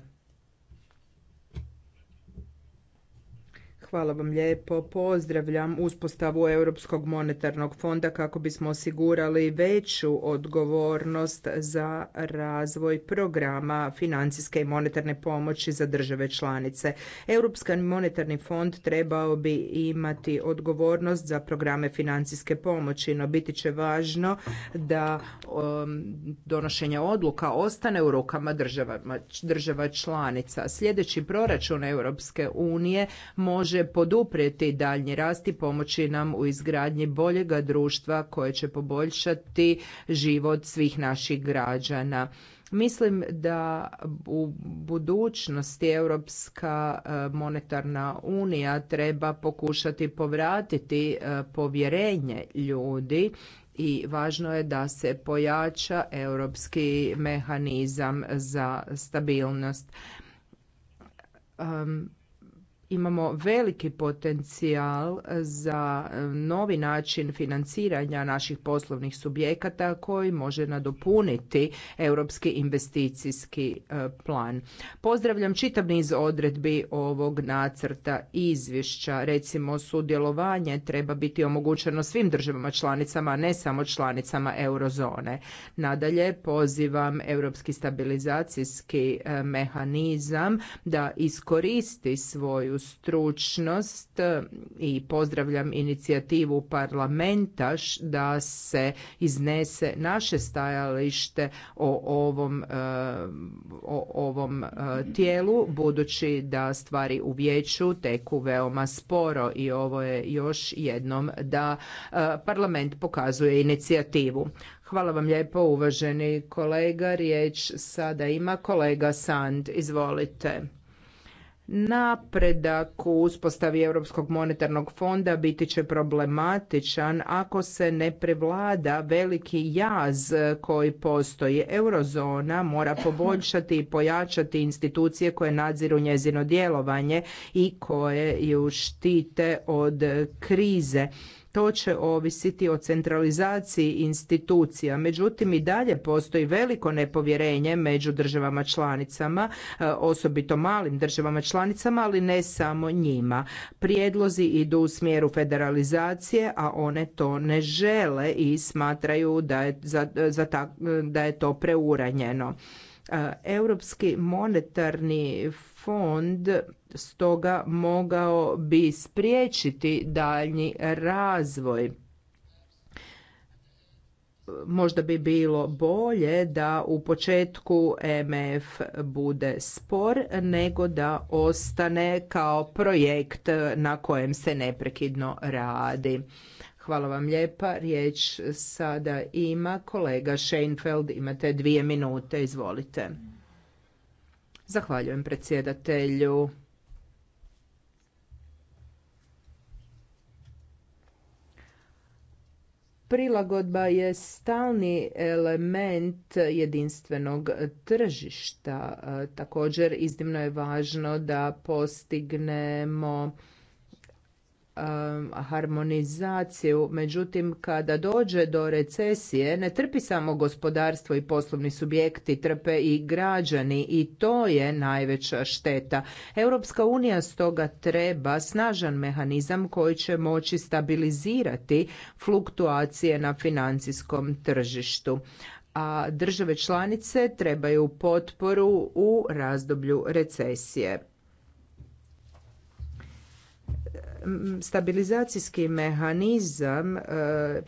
Hvala vam lijepo. Pozdravljam uspostavu Europskog monetarnog fonda kako bismo osigurali veću odgovornost za razvoj programa financijske i monetarne pomoći za države članice. Europski monetarni fond trebao bi imati odgovornost za programe financijske pomoći, no biti će važno da um, donošenje odluka ostane u rukama država, država članica. Sljedeći proračun Europske unije može poduprijeti daljnji rast i pomoći nam u izgradnji boljega društva koje će poboljšati život svih naših građana. Mislim da u budućnosti Europska e, monetarna unija treba pokušati povratiti e, povjerenje ljudi i važno je da se pojača europski mehanizam za stabilnost imamo veliki potencijal za e, novi način financiranja naših poslovnih subjekata koji može nadopuniti europski investicijski e, plan. Pozdravljam čitav niz odredbi ovog nacrta izvješća. Recimo, sudjelovanje treba biti omogućeno svim državama članicama, a ne samo članicama eurozone. Nadalje, pozivam europski stabilizacijski e, mehanizam da iskoristi svoju stručnost e, i pozdravljam inicijativu parlamenta da se iznese naše stajalište o ovom, e, o ovom e, tijelu, budući da stvari u vijeću teku veoma sporo i ovo je još jednom da parlament pokazuje inicijativu. Hvala vam lijepo, uvaženi kolega. Riječ sada ima kolega Sand. Izvolite. Napredak u uspostavi Europskog monetarnog fonda biti će problematičan ako se ne prevlada veliki jaz koji postoji. Eurozona mora poboljšati i pojačati institucije koje nadziru njezino djelovanje i koje ju štite od krize to će ovisiti o centralizaciji institucija. Međutim, i dalje postoji veliko nepovjerenje među državama članicama, e, osobito malim državama članicama, ali ne samo njima. Prijedlozi idu u smjeru federalizacije, a one to ne žele i smatraju da je, da je to preuranjeno. E, Europski monetarni fond stoga mogao bi spriječiti daljnji razvoj možda bi bilo bolje da u početku MF bude spor nego da ostane kao projekt na kojem se neprekidno radi. Hvala vam lijepa. Riječ sada ima kolega Sheinfeld. Imate dvije minute. Izvolite. Zahvaljujem predsjedatelju. Prilagodba je stalni element jedinstvenog tržišta. Također iznimno je važno da postignemo harmonizaciju. Međutim, kada dođe do recesije, ne trpi samo gospodarstvo i poslovni subjekti, trpe i građani i to je najveća šteta. Europska unija stoga treba snažan mehanizam koji će moći stabilizirati fluktuacije na financijskom tržištu a države članice trebaju potporu u razdoblju recesije. stabilizacijski mehanizam e,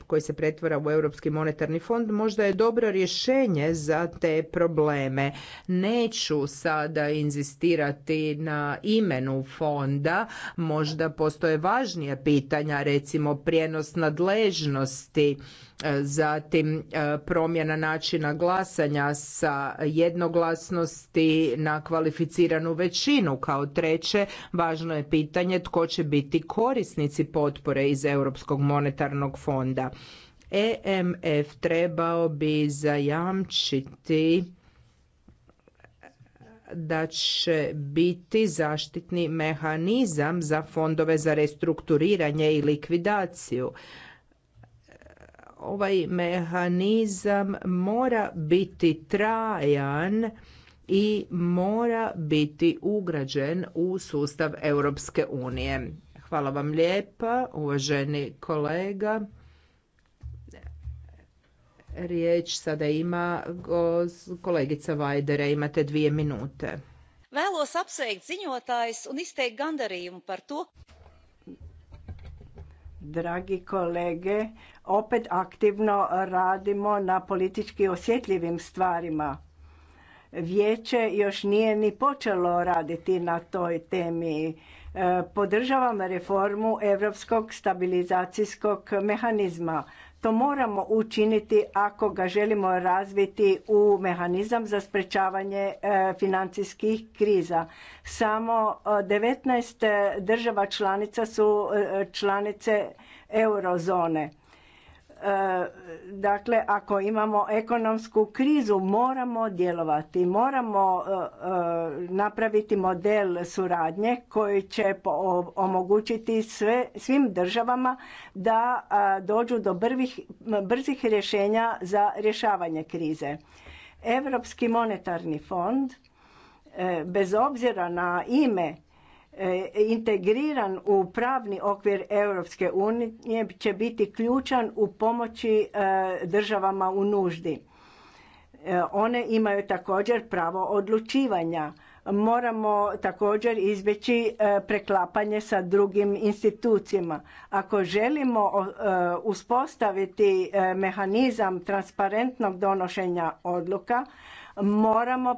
koji se pretvara u Europski monetarni fond možda je dobro rješenje za te probleme. Neću sada inzistirati na imenu fonda, možda postoje važnija pitanja, recimo prijenos nadležnosti zatim e, promjena načina glasanja sa jednoglasnosti na kvalificiranu većinu. Kao treće, važno je pitanje tko će biti korisnici potpore iz Europskog monetarnog fonda. EMF trebao bi zajamčiti da će biti zaštitni mehanizam za fondove za restrukturiranje i likvidaciju ovaj mehanizam mora biti trajan i mora biti ugrađen u sustav Europske unije. Hvala vam lijepa, uvaženi kolega. Riječ sada ima kolegica Vajdere, imate dvije minute. Vēlos apsveikt ziņotājs un izteikt gandarījumu par to. Dragi kolege, opet aktivno radimo na politički osjetljivim stvarima. Vijeće još nije ni počelo raditi na toj temi. E, podržavam reformu Europskog stabilizacijskog mehanizma. To moramo učiniti ako ga želimo razviti u mehanizam za sprečavanje e, financijskih kriza. Samo 19 e, država članica su članice eurozone Dakle, ako imamo ekonomsku krizu, moramo djelovati, moramo e, e, napraviti model suradnje koji će omogućiti sve, svim državama da e, dođu do brzih rješenja za rješavanje krize. Europski monetarni fond, bez obzira na ime, E, integriran u pravni okvir Europske unije će biti ključan u pomoći e, državama u nuždi. E, one imaju također pravo odlučivanja. Moramo također izbjeći preklapanje sa drugim institucijama. Ako želimo uspostaviti mehanizam transparentnog donošenja odluka, Moramo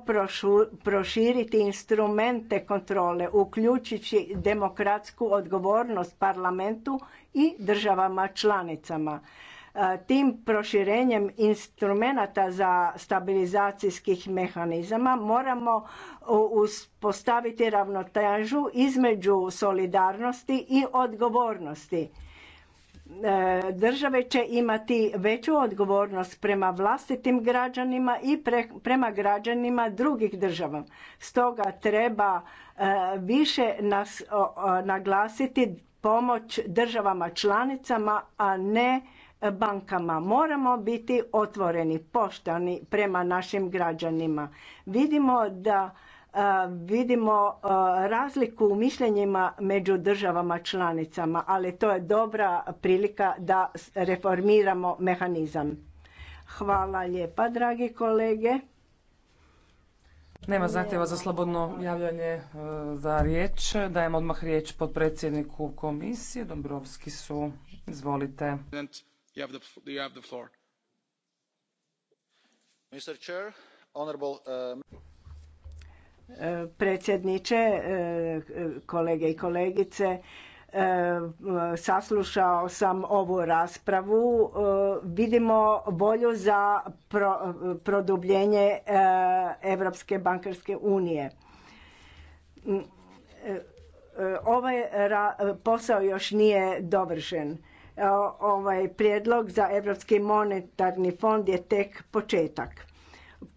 proširiti instrumente kontrole, uključujući demokratsku odgovornost parlamentu i državama članicama. E, tim proširenjem instrumenta za stabilizacijskih mehanizama moramo uspostaviti ravnotežu između solidarnosti i odgovornosti E, države će imati veću odgovornost prema vlastitim građanima i prema građanima drugih država. Stoga treba e, više nas naglasiti pomoć državama članicama, a ne bankama. Moramo biti otvoreni, poštani prema našim građanima. Vidimo da vidimo razliku u mišljenjima među državama članicama, ali to je dobra prilika da reformiramo mehanizam. Hvala lijepa, dragi kolege. Nema zahtjeva za slobodno javljanje e, za riječ. Dajem odmah riječ potpredsjedniku komisije, Dombrovski su. Izvolite. Mr. Chair, honorable, e, predsjedniče, e, kolege i kolegice. E, saslušao sam ovu raspravu. E, vidimo volju za produbljenje Europske bankarske unije. Mm, ovaj posao još nije dovršen. Ovaj prijedlog za Europski monetarni fond je tek početak.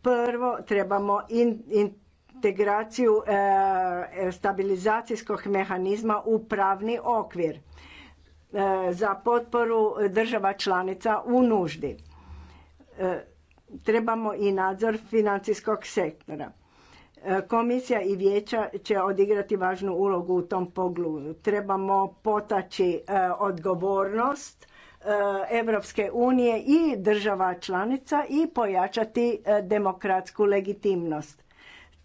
Prvo trebamo i integraciju e, e, stabilizacijskog mehanizma u pravni okvir e, za potporu država članica u nuždi. Trebamo i nadzor financijskog sektora. Komisija i vijeća će odigrati važnu ulogu u tom pogledu. Trebamo potaći odgovornost Evropske unije i država članica i pojačati demokratsku legitimnost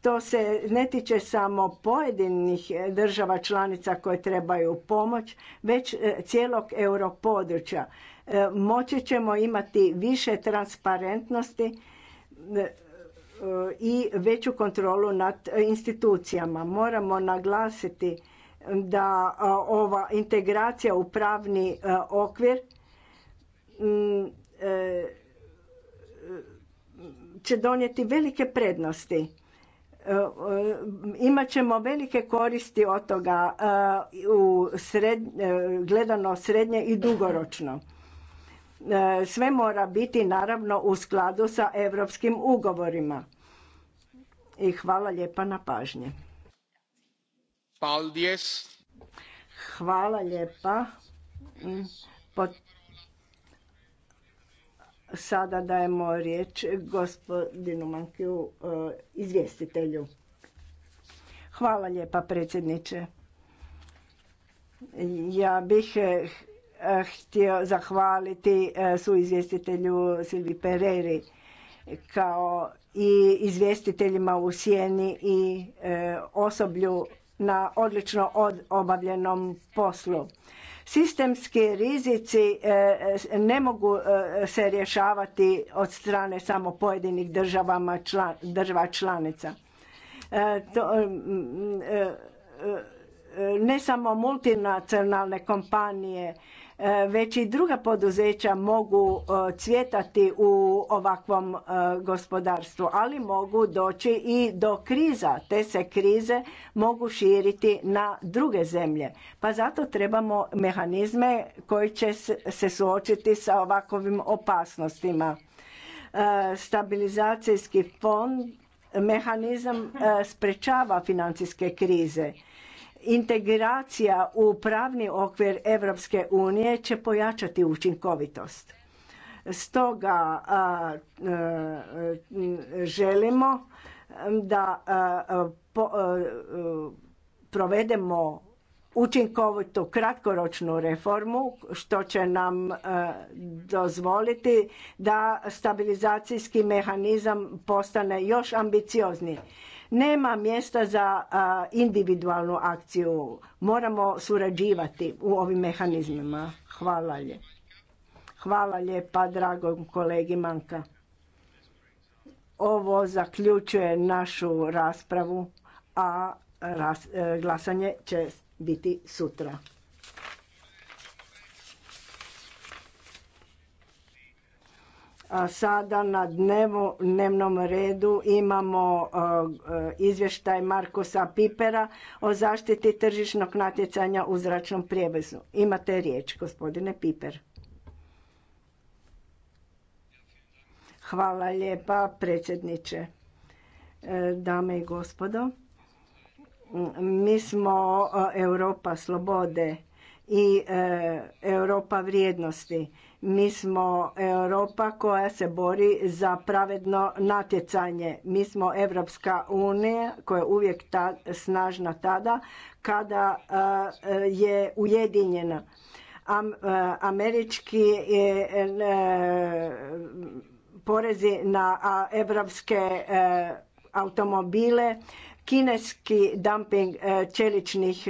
to se ne tiče samo pojedinih e, država članica koje trebaju pomoć, već e, cijelog europodručja. E, moći ćemo imati više transparentnosti i veću kontrolu nad institucijama. Moramo naglasiti da ova integracija u pravni okvir će donijeti velike prednosti E, e, imat ćemo velike koristi od toga e, u sred, gledano srednje i dugoročno. Sve mora biti naravno u skladu sa europskim ugovorima. I hvala lijepa na pažnje. Hvala lijepa. Sada dajemo riječ gospodinu Mankiju, e, izvjestitelju. Hvala lijepa predsjedniče. Ja bih e, htio zahvaliti e, su izvjestitelju Silvi Pereri kao i izvjestiteljima u sjeni i osoblju na odlično obavljenom poslu. Sistemski rizici e, e, ne mogu e, se rješavati od strane samo pojedinih država članica. ne samo multinacionalne kompanije E, već i druga poduzeća mogu e, cvjetati u ovakvom e, gospodarstvu, ali mogu doći i do kriza. Te se krize mogu širiti na druge zemlje. Pa zato trebamo mehanizme koji će se suočiti sa ovakvim opasnostima. Stabilizacijski fond mehanizam sprečava financijske krize integracija u pravni okvir Europske unije će pojačati učinkovitost. Stoga želimo da provedemo učinkovitu kratkoročnu reformu što će nam dozvoliti da stabilizacijski mehanizam postane još ambiciozniji nema mjesta za individualnu akciju. Moramo surađivati u ovim mehanizmima. Hvala lijepa. Hvala lijepa dragom kolegi Manka. Ovo zaključuje našu raspravu, a e, glasanje će biti sutra. sada na dnevnom redu imamo e, e, izvještaj Markusa Pipera o zaštiti tržišnog natjecanja u zračnom prijevozu. Imate riječ, gospodine Piper. Hvala lijepa, predsjedniče. E, dame i gospodo, mi smo Europa slobode i Europa vrijednosti mi smo Europa koja se bori za pravedno natjecanje. Mi smo Evropska unija koja je uvijek ta, snažna tada kada eh, je ujedinjena. Eh, američki eh, porezi na evropske automobile, kineski dumping čeličnih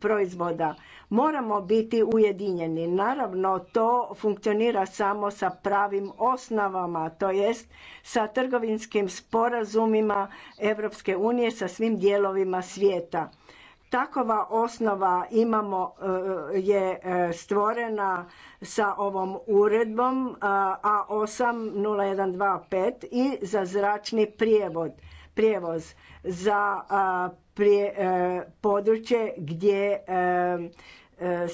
proizvoda Moramo biti ujedinjeni. Naravno, to funkcionira samo sa pravim osnovama, to jest sa trgovinskim sporazumima Europske unije sa svim dijelovima svijeta. Takova osnova imamo e, je e, stvorena sa ovom uredbom e, A80125 i za zračni prijevoz. Za prije e, područje gdje e, e,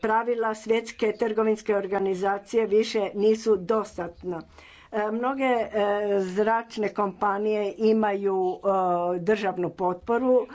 pravila svjetske trgovinske organizacije više nisu dostatna. Mnoge zračne kompanije imaju državnu potporu